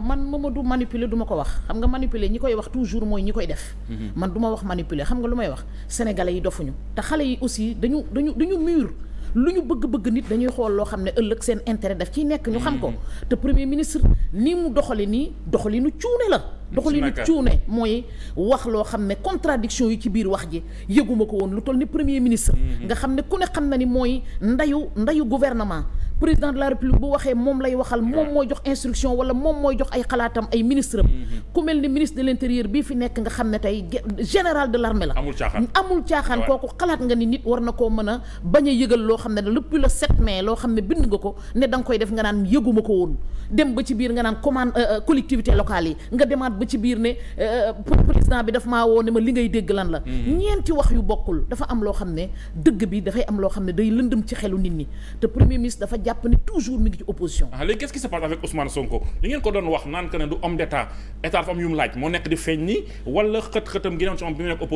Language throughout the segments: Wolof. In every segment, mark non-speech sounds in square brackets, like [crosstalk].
non man mooma du manipuler du ko wax xam nga manipuler ñi koy wax toujours mooy ñi koy def mhm. man du wax manipuler xam nga lu may wax sénégalais yi dofuñu te xale yi aussi dañu dañu dañu mûr lu ñu bëgg-bëgg nit dañuy xool loo xam ne ëllëg seen intérêt daf ciy nekk ñu xam ko mhm. te premier ministre ni mu doxali nii doxali nu cuune la doxali nu cuune mooy wax loo xam ne contradiction yi ci biir wax ji yëguma ko woon lu toll ni premier ministre mhm. nga xam ne ku ne xam na ni mooy ndayu ndayu gouvernement président de la république bu waxee moom lay waxal moom mooy jox instruction wala moom mooy jox ay xalaatam ay ministre am mm-hmm. ku mel ni ministre de l'intérieur bii fi nekk nga xam ne tey général de l'armée la amul caaxaan kooku xalaat nga ni nit war na koo mën a bañ a yëgal loo xam ne depuis le 7 mais loo xam ne bind nga ko ne da koy def nga naan yëguma ko woon dem ba ci biir nga naan commande euh, euh, collectivité locale yi nga demaat ba ci biir ne euh, président bi daf maa woo ne ma li ngay dégg lan la mm-hmm. ñeenti wax yu bokkul dafa am loo xam ne dëgg bi dafay am loo xam ne day lëndëm ci xelu nit ñi jàpp ne toujours mi ngi ci opposition. ah léegi qu'est-ce qui se moo nekk di feeñ nii wala xët-xëtam gi ne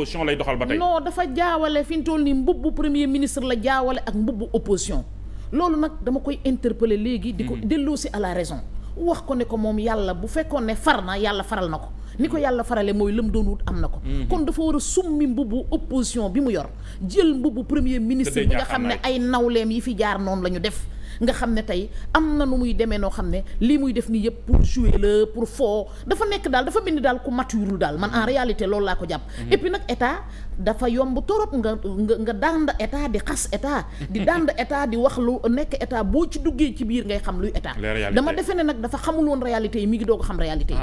ci lay doxal ba tey. non dafa jaawale fi mu toll nii mbubbu premier ministre la jaawale ak mbubbu opposition loolu nag dama koy interpeller léegi. di ko mm-hmm. delloosi à la raison. wax ko ne ko moom yàlla bu fekkoon ne far na yàlla faral na ko. ni ko yàlla farale mooy lëm doon wut am na ko mhm. kon dafa war a summi mbubbu opposition bi mu yor jël mbubbu premier ministre bi nga xam ne ay nawleem yi fi jaar noonu la ñu def nga xam ne tey am na nu muy demee noo xam ne lii muy def nii yëpp pour jouer la pour foo dafa nekk daal dafa bind daal ku maturul daal man en réalité loolu laa ko jàpp. Mhm. et puis nag état dafa yomb torop nga nga nga dànd état di xas état. di [laughs] dànd état di wax lu nekk état boo ci duggee ci biir ngay xam luy état. dama defe ne nag dafa xamul woon réalité yi ngi doog xam réalité yi. Ah.